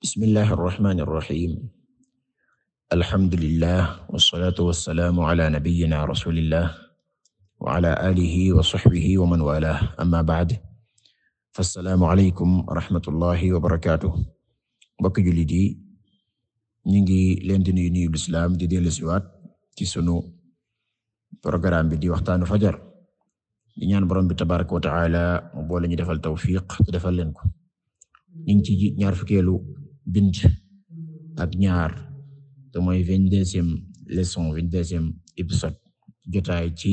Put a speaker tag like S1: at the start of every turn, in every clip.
S1: Bismillahir rahmanir rahim alhamdulillah wassalatu wassalamu ala nabiyyina rasulillah wa ala alihi wa sahbihi wa man walah amma ba'd fassalamu alaykum wa rahmatullahi wa barakatuh mbokk jullit yi ñu ngi leen di nuyu nuyu lislaam di dellusiwaat ci sunu programme bi di waxtaanu fajar di ñaan borom bi tabaraka wa ta'ala mu boole ñu defal tawfiq te defal leen ko ñu ngi ci ñaar fukkeelu bind ak ñaar te mooy vingt-deuxième leçon vingt-deuxième épisode jotaay ci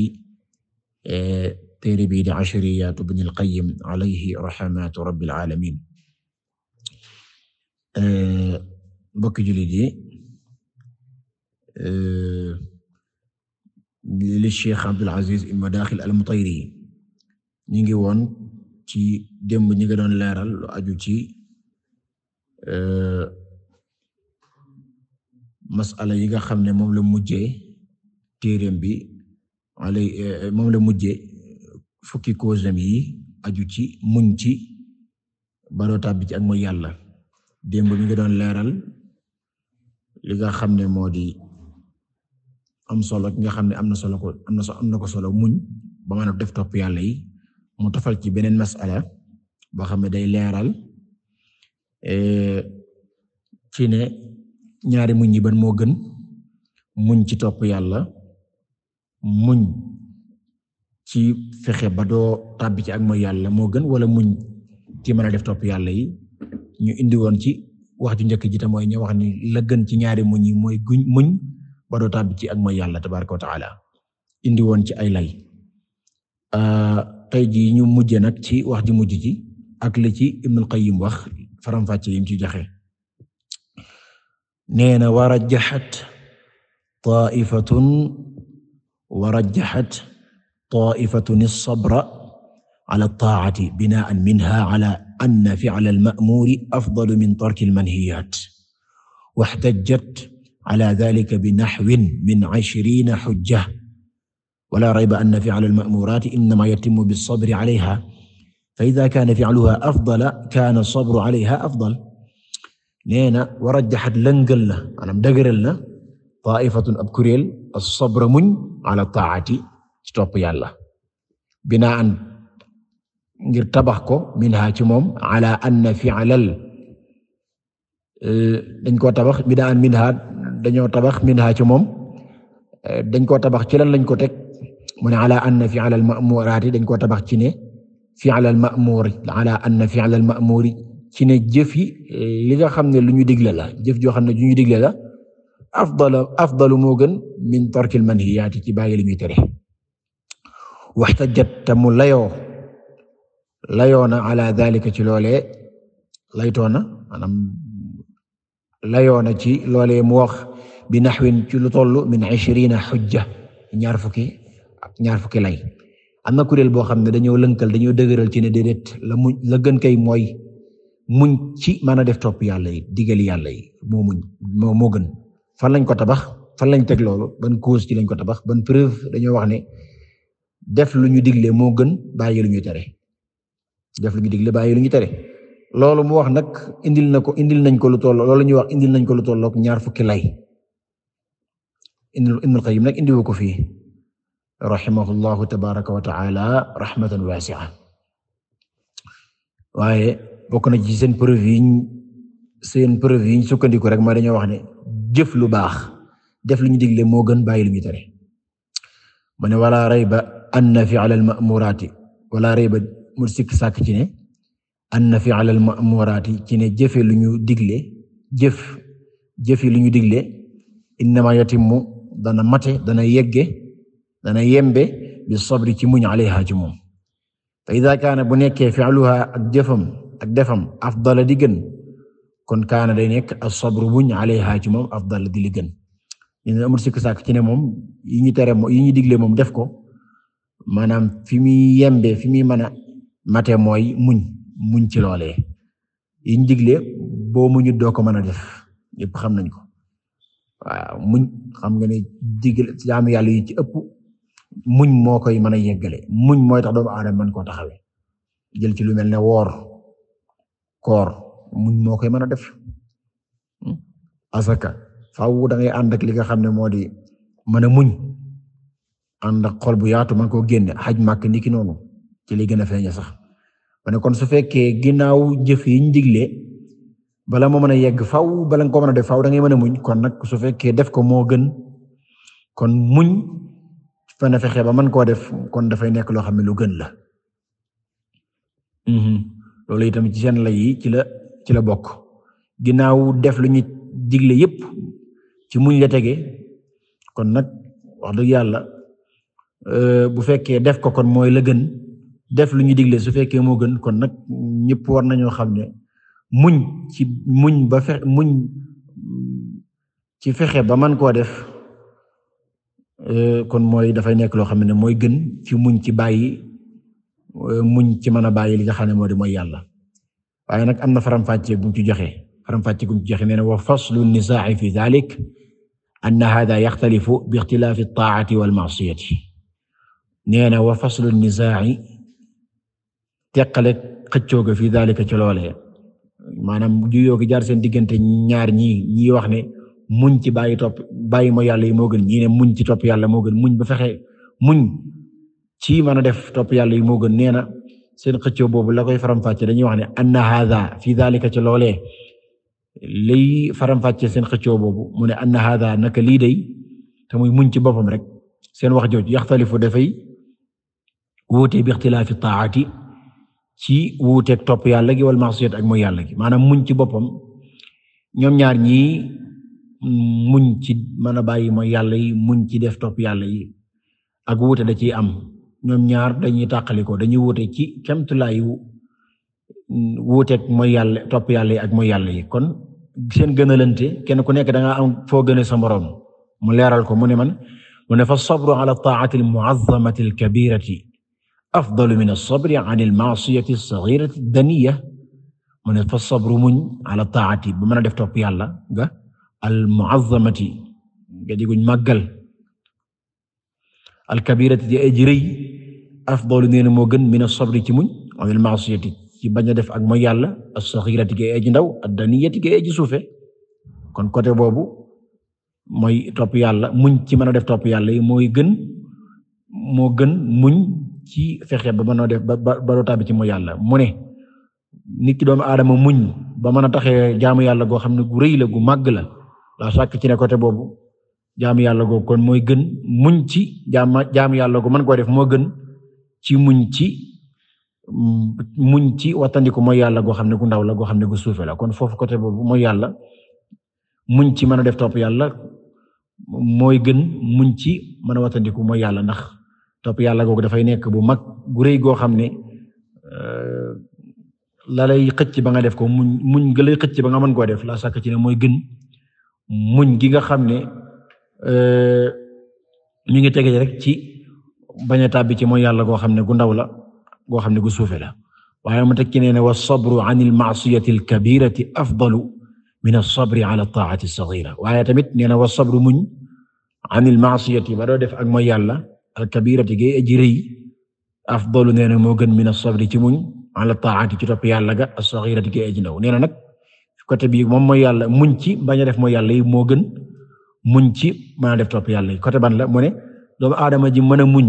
S1: eh, téere bi di Ashariyaat Ibn al-Qayyim alayhi rahmatu alamin eh, mbokki jullit yi eh, li Cheikh Abdul Aziz Al Madaxil Al Mutayri ngi woon ci démb ñi nga doon leeral aju ci masala yi nga xam ne moom la mujjee téereem bi ala e, e, moom la mujje fukki koosam yi aju ci muñ ci baroo bi ci ak mooy yàlla démb mi ngi doon leeral li nga xam ne moo di am solo ki nga xam ne am na solo ko am na so am na ko solo muñ ba mën a def topp yàlla yi mu tofal ci beneen masala boo xam ne day leeral Eh, ci ne ñaari muñ yi ban moo gën muñ ci topp yàlla muñ ci fexe ba doo tàbbi ci ak mooy yàlla moo gën wala muñ ci mën a def topp yàlla yi ñu indi woon ci wax ju njëkk ji te mooy ñu wax ni la gën ci ñaari muñ yi mooy guñ muñ ba doo tàbbi ci ak mooy yàlla tabaraka wa taala indi woon ci ay lay ah, tey jii ñu mujje nag ci wax ji mujj ci ak li ci Ibnul Qayyim wax faram-fàcce yim ci joxe nee na wa rajjahat taifatun wa rajjahat taifatun as-sabra ala at-ta'ati bina'an minha ala anna fi'la al-ma'muri afdalu min tarki al-manhiyat wa ihtajjat ala dhalika binahwin min 'ishrina hujja wa la rayba anna fi'la al-ma'murati innama yatimmu bis-sabri 'alayha فإذا كان فعلها أفضل كان الصبر عليها أفضل nee na warajjaxat lëngal na maanaam dëgëral na taifatun ab kuréel as-sabra muñ ala taati ci topp yàlla binaan ngir tabax ko minha ci moom ala anna fi'lal dañ koo tabax binaan minha dañoo tabax minha ci moom dañ koo tabax ci lan lañ ko teg mu ne ala anna fi'lal ma'muraati dañ koo tabax ci ne fi'l al-ma'muri ala anna fi'l al ci ne jëf yi li nga xam ne lu ñu digle la jëf joo xam ne lu ñu digle la afdalu afdalu moo gën min tarki al ci bàyyi li ñuy tere waxtajat layoo layoona ala dhalika ci loole laytoona maanaam layoona ci loolee mu wax bi naxwin ci lu toll min ishriina xujja ñaar fukki ñaar fukki lay am na kuréel boo xam ne dañoo lënkal dañoo dëgëral ci ne déedéet la mu la gën kay mooy muñ ci mën a def topp yàlla yi digal yàlla yi moo muñ moo gën fan lañ ko tabax fan lañ teg loolu ban cause ci lañ ko tabax ban preuve dañoo wax ne def lu ñu digle moo gën bàyyi lu ñu tere def lu ñu digle bàyyi lu ñu tere loolu mu wax nag indil na ko indil nañ ko lu toll loolu ñuy wax indil nañ ko lu tollook ñaar fukki lay Ibnul Qayyim nag indiwu ko fii rahimahullahu tabaraka wa taala rahmatan wasi'a waaye bokk na ci seen preuve seen preuve yi sukkandiku rek mooy dañoo wax ne jëf lu baax def lu ñu digle moo gën bàyyi lu ñu tere ne wala rayba anna fi'la al-ma'murati wala rayba mu sikk sàkk ci ne anna fi'la al-ma'murati ci ne jëfe lu ñu digle jëf jëfi lu ñu digle innama yatimmu dana mate dana yegge dana yembe bi sabri ci muñ alayha ci moom fa ida kaana bu nekkee fi'luha ak jëfam ak defam afdala di gën kon kaana day nekk as-sabru muñ alayha ci moom afdala di li gën ñu amul sikk sàkk ci ne moom yi ñu tere yi ñu digle moom def ko maanaam fi muy yembe fi muy mën a mate mooy muñ muñ ci loolee yi ñu digle boo muñu doo ko mën a def ñëpp xam nañ ko waaw muñ xam nga ne digle jaamu yi ci ëpp muñ moo koy mën a yeggale muñ mooy tax doomu aadama man koo taxawee jël ci lu mel ne woor koor muñ moo koy mën a def asaka faaw dangay ngay ànd ak li nga xam ne moo di mën a muñ ànd ak xol bu yaatu mën koo génne xaj màkk niki noonu ci li gën a feeña sax ma ne kon su fekkee ginnaaw jëf yi ñu bala moo mën a yegg faw bala nga ko mën a def faw dangay ngay mën muñ kon nag su fekkee def ko moo gën kon muñ fana fexe ba man koo def kon dafay nekk loo xam ne lu gën la mm-hmm. loolu itam ci seen lay yi ci la ci la bokk ginnaaw def lu ñu digle yépp ci muñ la tege kon nag wax dëgg yàlla euh, bu fekkee def ko kon mooy la gën def lu ñu digle su fekkee moo gën kon nag ñëpp war nañoo xam ne muñ ci muñ ba fex muñ ci fexe ba mën koo def Euh, kon mooy dafay nekk loo xam ne mooy gën ci muñ ci bàyyi euh, muñ ci mën a bàyyi li nga xam ne moo di mooy yàlla waaye nag am na faram-fàccee bu ci joxe faram-fàccee bu mu ci joxe nee na wa faslu nisaa'i fi dhalik anna hadha yaxtalifu bi ixtilaafi taa'ati wal ma'siyati nee na wa faslu nisaa'i teqale xëccooga fi dhalika ci loolee maanaam juyoo gi jaar seen diggante ñaar ñi ñi wax ne muñ ci bàyyi topp bàyyi mooy yàlla yi moo gën ñii muñ ci topp yàlla moo gën muñ ba fexe muñ ci mën a def topp yàlla yi moo gën nee na seen xëccoo boobu la koy faram-fàcce dañuy wax ne anna hadha fi dhalika ci loolee lay faram-fàcce seen xëccoo boobu mu ne anna hadha naka lii day te muy muñ ci boppam rek seen wax jooju yaxtalifu dafay wuute bi ixtilaafi taati ci wuuteeg topp yàlla gi wal maasiyat ak mooy yàlla gi maanaam muñ ci boppam ñoom ñaar ñi muñ ci mën a bàyyi mooy yàlla yi muñ ci def topp yàlla yi ak wuute da ciy am ñoom ñaar dañuy tàqaliko dañuy wuute ci kemtulaayu wuuteeg mooy yàlla topp yàlla yi ak mooy yàlla yi kon seen gënalante kenn ku nekk da nga am foo gëne sa moroom mu leeral ko mu ne man mu ne fa sabru ala taati al muazzamati al kabirati afdalu min as-sabri an al ma'siyati as-saghirati ad-daniya mu ne fa sabru muñ ala taati bu mën a def topp yàlla ga almuazamati nga diguñ màggal alkabirati di ay jërëy afdalu nee na moo gën min a sabri ci muñ anil maasiyati ci bañ a def ak mooy yàlla as-saxirati gi ay ji ndaw ad-daniyati gi ga ji suufe kon côté boobu mooy topp yàlla muñ ci mën a def topp yàlla mooy gën moo gën muñ ci fexe ba mën def ba ba doo ci mooy yàlla mu ne nit ki doomu aadama muñ ba mën a taxee jaamu yàlla goo xam ne gu rëy la gu màgg la la sàkk ci ne côté boobu jaamu yàlla googu kon mooy gën muñ ci jaam jaamu yàlla googu mën koo def moo gën ci muñ ci muñ ci wattandiku mooy yàlla goo xam ne gu ndaw la goo xam ne gu suufe la kon foofu côté boobu mooy yàlla muñ ci mën a def topp yàlla mooy gën muñ ci mën a wattandiku mooy yàlla ndax topp yàlla googu dafay nekk bu mag gu rëy goo xam ne euh, la lay xëcc ba nga def ko muñ muñ nga lay xëcc ba nga mën koo def la sàkk ci ne mooy gën muñ gi nga xam ne mi euh, ngi tege rek ci bañ a ci mooy yàlla goo xam ne gu ndaw la goo xam ne gu suufe la waaye mu tekki nee ne wa sabru an al maasiyati al kabirati afdalu min as-sabri ala taa'ati as-saghira waaye tamit nee na wa sabru muñ an al maasiyati ba def ak mooy yàlla al kabirati gay aji rëy afdalu nee na moo gën min as-sabri ci muñ ala taa'ati ci topp yàlla ga as-saghirati gay aji ndaw nee nag côté bii moom mooy yàlla muñ ci bañ a def mooy yàlla yi moo gën muñ ci mën a def topp yàlla côté ban la mu ne doomu aadama ji mën a muñ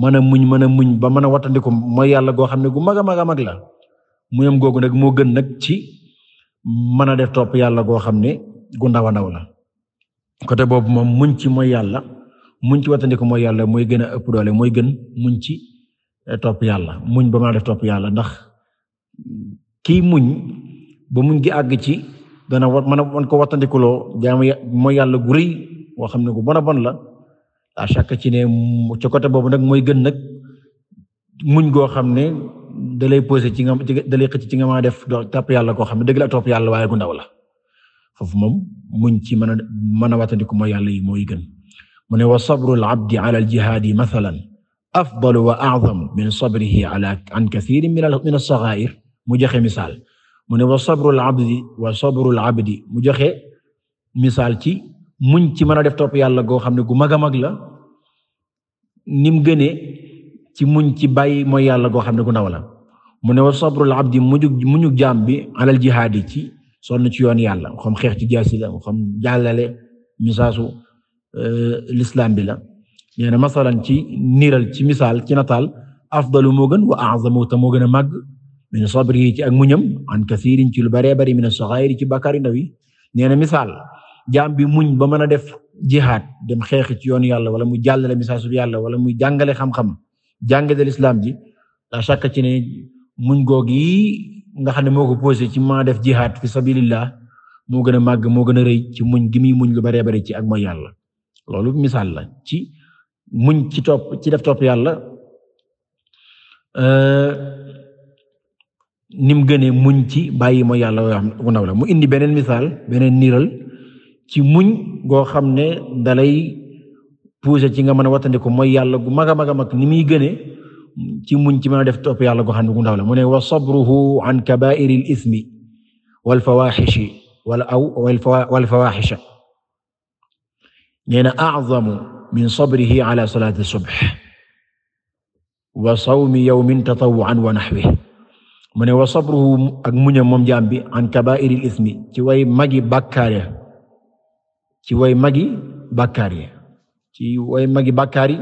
S1: mën muñ mën a muñ ba mën a wattandiku mooy yàlla goo xam ne gu mag a mag a mag la muñam googu nag moo gën nag ci mën a def topp yàlla goo xam ne gu ndaw a ndaw la côté boobu moom muñ ci mooy yàlla muñ ci wattandiku mooy yàlla mooy gën a ëpp doole mooy gën muñ ci eh, topp yàlla muñ ba mën a def topp yàlla ndax kii muñ ba muñ gi àgg ci dana war mën a mën ko wattandikuloo jaamu mooy yàlla gu rëy boo xam ne gu bon bon la à chaque ci ne ci côté boobu nag mooy gën nag muñ goo xam ne da lay posé ci nga da lay ci nga maa def do topp yàlla koo xam ne dëgg la topp yàlla waaye gu ndaw la foofu moom muñ ci mën a mën a wattandiku mooy yàlla yi mooy gën mu ne wa sabrul abdi ala al jihaadi mathalan afdalu wa a'zam min sabrihi mu joxe misaal mu ne wa sabrul abdi wa sabrul abdi mu joxe misaal ci muñ ci mën a def topp yàlla goo xam ne gu mag a mag la nim gënee ci muñ ci bàyyi mooy yàlla goo xam ne gu ndaw la mu ne wa sabrul abdi muñu muñu jaam bi alal jihaadi ci sonn ci yoon yàlla xam xeex ci jaasi la xam jàllale misaasu euh, l'islam bi la nee masalan ci niiral ci misaal ci nataal afdalu moo gën wa a'zamu ta gën a màgg min sabrihi ci ak muñam an kathirin ci lu baree bari min saxaayiri ci bàkkaar yu ndaw yi nee na misaal jaam bi muñ ba mën a def jihaad dem xeexi ci yoon yàlla wala mu jàllale misaasu yàlla wala muy jàngale xam-xam jàngale islam ji la shakka ci ne muñ googi nga xam ne moo ko posé ci ma def jihaad fi sabilillah moo gën a màgg moo gën a rëy ci muñ gi muñ lu baree bari ci ak mooy yàlla loolu misaal la ci muñ ci topp ci def topp yàlla ni mu gënee muñ ci bàyyi mooy yàlla wu ndaw mu indi beneen misaal beneen niiral ci muñ goo xam ne dalay poussé ci nga man a wattandiku mooy yàlla gu mag a mag mag ni muy gënee ci muñ ci mën def topp yàlla goo xam ne gu ndaw mu ne wa sabruhu an kabairi l ismi wal fawaxishi wala aw na azamu min sabrihi ala salaati subh wa sawmi yawmin tatawuan wa naxwih mu ne wa sabruhu ak muñam moom jaam an kabairil ismi ci way magi bàkkaar ci way magi bàkkaar ya ci way magi bàkkaar yi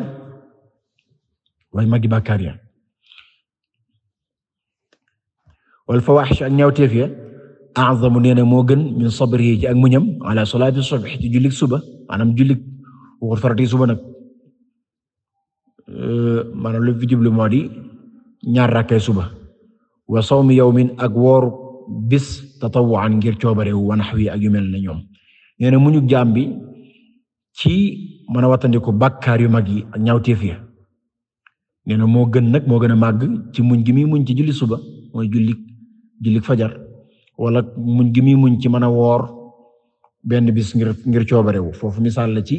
S1: way magi bàkkaar ya wal fawaxish ak ñaawteef ya azamu nee na moo gën min sabrihi ci ak muñam ala jullik suba maanaam jullik farati suba nag mana lu fi jublu moo di ñaar rakkay suba wa yow yawmin ak woor bis tatawuan ngir coobare wu wanax wi ak yu mel ne ñoom nee muñu jaam bi ci mën a wattandiku bàkkaar yu mag yi ak ñaawteef ya nee moo gën nag moo gën a màgg ci muñ gi mi muñ ci julli suba mooy julli fajar wala muñ gi mi muñ ci mën a woor benn bis ngir ngir coobare foofu misaal la ci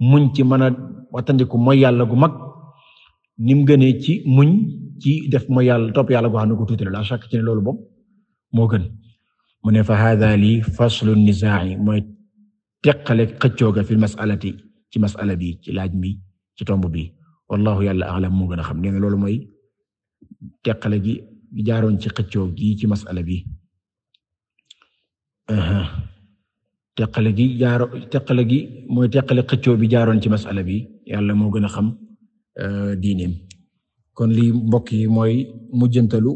S1: muñ ci mën a wattandiku mooy yàlla gu mag nim gënee ci muñ ci def mooy yàlla topp yàlla goo xam ne ko tuuti la chaque ci ne loolu moom moo gën mu ne fa hada li faslu nisaai mooy teqale xëccooga fi masalati ci masala bi ci laaj mi ci tomb bi wallahu yàlla alam moo gën a xam nee loolu mooy teqale gi jaaroon ci xëccoo gi ci masala bi teqale gi jaaro gi mooy teqale xëccoo bi jaaroon ci masala bi yàlla moo gën a xam euh, diineem kon lii mbokk yi mooy mujjantalu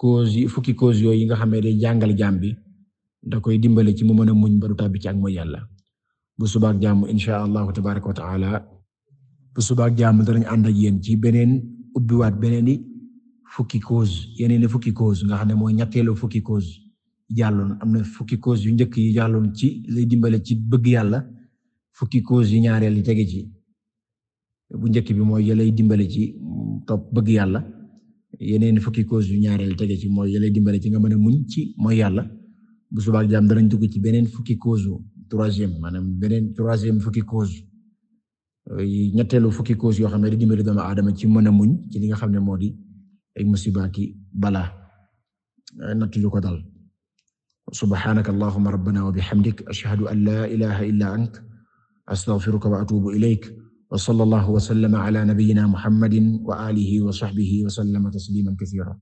S1: cause yi fukki cause yooyu yi nga xame ne day jàngal jaam bi da koy dimbale ci mu mën a muñ ba du tàbbi ci ak mooy yàlla bu subaak jàmm insha allahu tabaraka wa taala bu subaak jàmm danañ ànd ak yéen ci beneen ubbiwaat beneen i fukki cause yeneen i fukki cause nga xam ne mooy ñetteelu fukki cause jàlloon am na fukki cause yu njëkk yi jàlloon ci lay dimbale ci bëgg yàlla fukki cause yi ñaareel yi jege ci bu njëkk bi mooy yalay dimbali ci topp bëgg yàlla yeneen fukki cause yu ñaareel tege ci mooy yalay dimbale ci nga mën a muñ ci mooy yàlla bu subaa ak danañ dugg ci beneen fukki cause troisième maanaam beneen troisième fukki cause ñetteelu fukki cause yoo xam ne di dimbale doomu aadama ci mën a muñ ci li nga xam ne moo di ay musiba ki balaa nattu yu ko dal subhanaka allahumma rabbana wa bihamdik ashhadu an la ilaha illa ant astaghfiruka wa atubu ilayk wa sallallahu wa sallama ala nabiyyina muhammadin wa alihi wa sahbihi wa sallama tasliman kathira